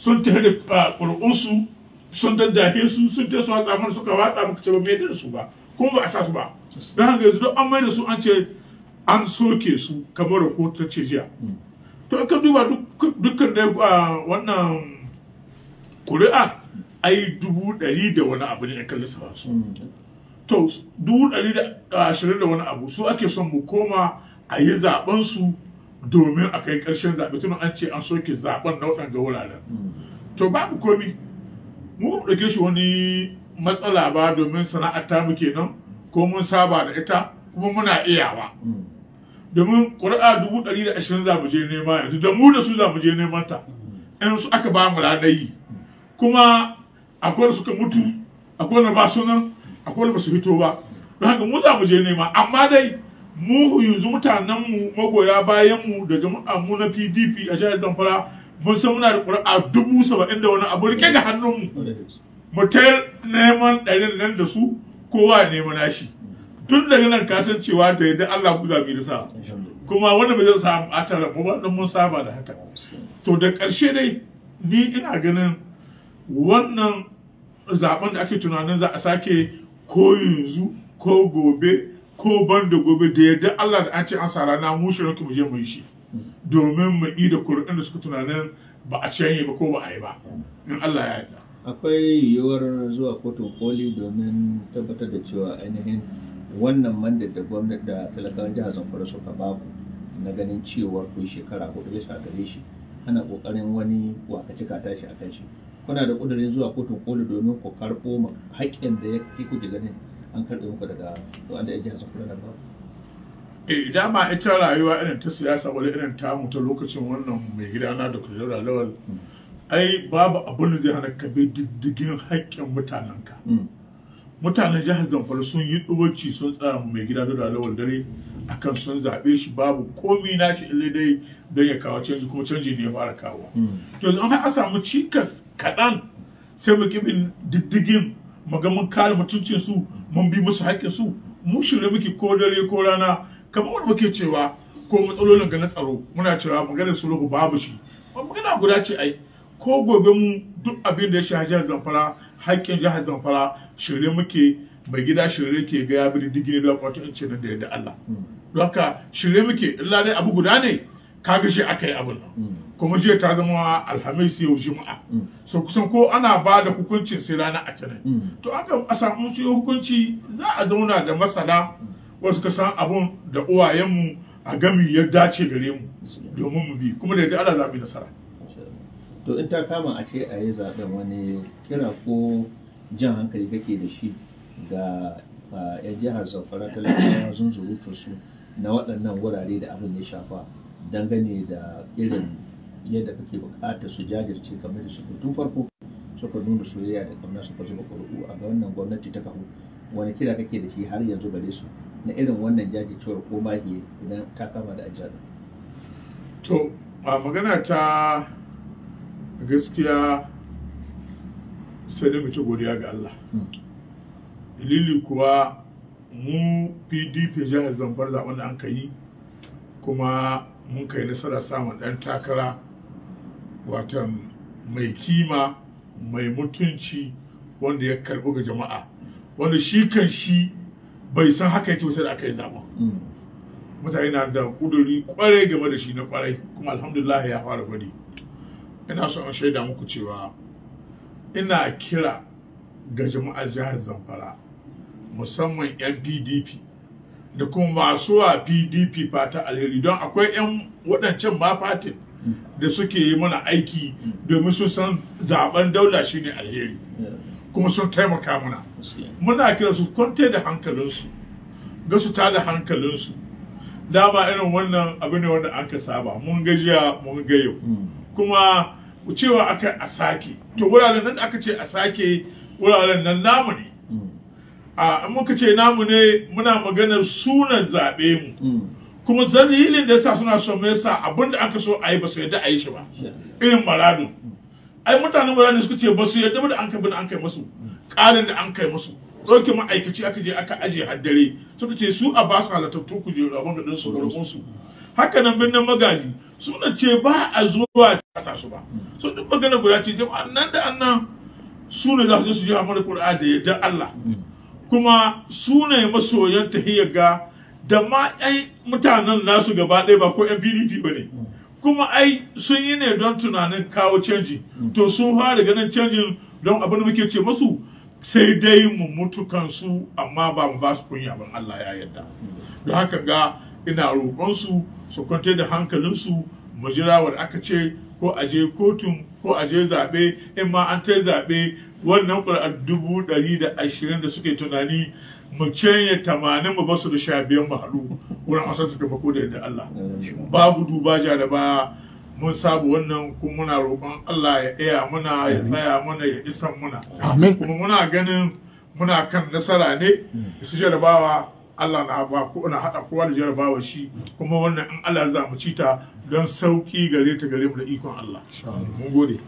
sun ta da ah, ƙuri'unsu sun daddahe su sun ta su watsa mana suka watsa muka ce ba mai da su ba kuma ba a sa su ba don haka yanzu don an mai da su an ce an soke su kamar rahoto ta ce jiya hmm. to ka duba dukkan da ah, wannan ƙuri'a ai dubu ɗari da wani abu ne kan lissafa su hmm. to dubu ɗari da ah, ashirin da wani abu su ake son mu koma a yi zaɓen su domin a kai ƙarshen zaɓe tun an ce an soke zaɓen na waɗanda wuraren to babu komi mu ɗauke shi wani matsala ba domin sana'ar ta muke nan ko mun saba da ita kuma muna iyawa domin ƙuri'a dubu ɗari da ashirin za mu je nema yanzu da mu da su za mu je neman ta in su aka ba mu raɗayi kuma akwai da suka mutu akwai da ba sunan akwai da ba su fito ba don haka mu za mu je nema amma dai mu yanzu mutanenmu magoya bayan bayanmu da jama'a mu na pdp a jihar zamfara mun san muna da ƙuri'a dubu saba'in da wani abu rike ga hannunmu mu ta neman ɗarin nan da su kowa neman nashi tun daga nan cewa da yadda allah ku zabi da sa kuma wanda ba zai a tare mu ba don mun saba da haka to da ƙarshe dai ni ina ganin wannan zaben da ake tunanin za a sake ko yanzu ko gobe ko ban da gobe da yadda Allah da an ce an sara rana mu ranka mu je mu yi shi domin mu yi da kuri'un da suka tunanin ba a yi ba ko ba a yi ba in Allah ya yarda akwai yiwuwar zuwa kotun koli domin tabbatar da cewa ainihin wannan manda da gwamnati da talakawan jihar zamfara suka ku. na ganin cewa ku shekara hudu bisa gare shi ana kokarin wani waka cika tashi a kan shi kuna da kudirin zuwa kotun koli domin ku karɓo haƙƙin da ya kuke ganin an karɓe muku daga wanda yake hasa kula da ba eh dama ita rayuwa irin ta siyasa wani irin tamu ta lokacin wannan mai gidana da kujera lawal hmm. ai babu abin da zai hana ka bi diddigin haƙƙin mutanenka hmm. mutanen jihar zamfara sun yi ɗubarci sun tsaya mai gida da lawal dare akan sun zaɓe shi babu komi na shi ille dai don ya kawo canji kuma canji ne ya fara kawo hmm. to yanzu an a samu cikas kaɗan sai mu kibin diddigin mu ga mun kare mun bi musu haƙƙin su mu shirye muke ko dare ko rana kamar wanda muke cewa ko matsalolin ga na tsaro muna cewa maganar sulhu babu shi magana guda ce ai ko gobe mu duk abin da ya shafi jihar Zamfara haƙƙin jihar Zamfara shirye muke mai gida shirye ke ga ya bi diddigi da kwato in ce da yadda Allah hmm. don haka shirye muke illa dai abu guda ne kaga shi aka yi abin nan mm. kuma jiya ta zama alhamis yau juma'a mm. so kusan ko ana ba da hukuncin sai ranar atinin mm. to aka a samu su hukunci za a zauna da masana wasu kasan abun da uwayenmu a gami ya dace gare mu domin mu bi kuma da yadda Allah za nasara to in ta kama a ce a yi zaben wani kira ko jan hankali kake da shi ga ah, yan jihar zamfara talakawa sun zurutu su na waɗannan wurare da abin ya shafa dangane da irin yadda kake bukata su jajirce kamar da su tun farko suka nuna soyayya da kamar suka zuba ƙuri'u a ga wannan gwamnati ta kafu wani kira kake da shi har yanzu gare su na irin wannan jajircewar ko mahiye idan ta kama da ajiyar to a magana ta gaskiya sai dai mutu godiya ga Allah hmm. dalili kuwa mu pdp jihar zamfar zaben da an kuma mun kai nasara samun ɗan takara watan mai kima mai mutunci wanda ya karɓi ga jama'a wanda shi kan shi bai san haka yake sai da aka yi zaɓen mm. mutane na da ƙuduri ƙwarai game da shi na ƙwarai kuma alhamdulillah ya fara gwadi ina so in shaida muku cewa ina kira ga jama'ar jihar zamfara musamman yan pdp da kuma masu a pdp fata alheri don akwai 'yan waɗancan ma fatin da suke yi mana aiki domin sun san zaben daula shi ne alheri kuma sun taimaka muna muna kira su kwanta da hankalinsu ga su ta da hankalinsu dama irin wannan abu ne wanda aka saba mun gajiya mun gayo kuma cewa aka a sake to wuraren nan aka ce a sake wuraren nan namu a muka ce namu ne muna maganar sunan zaɓe mu hmm. kuma dalilin da yasa suna son yasa abin da aka so a yi ba su yadda a yi shi ba irin maradu ai mutanen maradu suka ce ba su yadda da an kai bin an kai musu ƙarin da an kai musu ɗauke ma'aikaci aka je aka aje dare suka ce su a ba su halattattu ku je rabon da ɗinsu rabon su haka nan birnin magaji suna ce ba a zuwa sa su ba so duk magana guda ce jama'a nan da annan su ne za su je su ji hamar da yadda Allah hmm. kuma su ne masoyan tahiyar da ma ai mutanen nasu gaba ɗaya ba ko 'yan pdp ba ne kuma ai sun yi ne don tunanin kawo canji to sun fara ganin canjin don abin da muke ce masu sai dai mu mutu kansu amma ba mu ba su kunya ban Allah ya yarda don haka ga ina roƙonsu su kwantar da hankalinsu mu jira aka ce ko aje kotun ko a je zaɓe in ma an ta zaɓe wannan ƙuri'ar dubu ɗari da ashirin da suke tunani mu canye tamanin mu basu da sha biyan mu haɗu wurin asar su taimako da yadda Allah babu duba ja da ba mun sabu wannan kuma muna roƙon Allah ya iya muna ya tsaya muna ya isan muna kuma muna ganin muna kan nasara ne hmm. su jarabawa Allah na ba ko na hada kowa da jarabawa shi kuma wannan in Allah ya mu ci ta don sauki gare ta gare mu da ikon Allah mun gode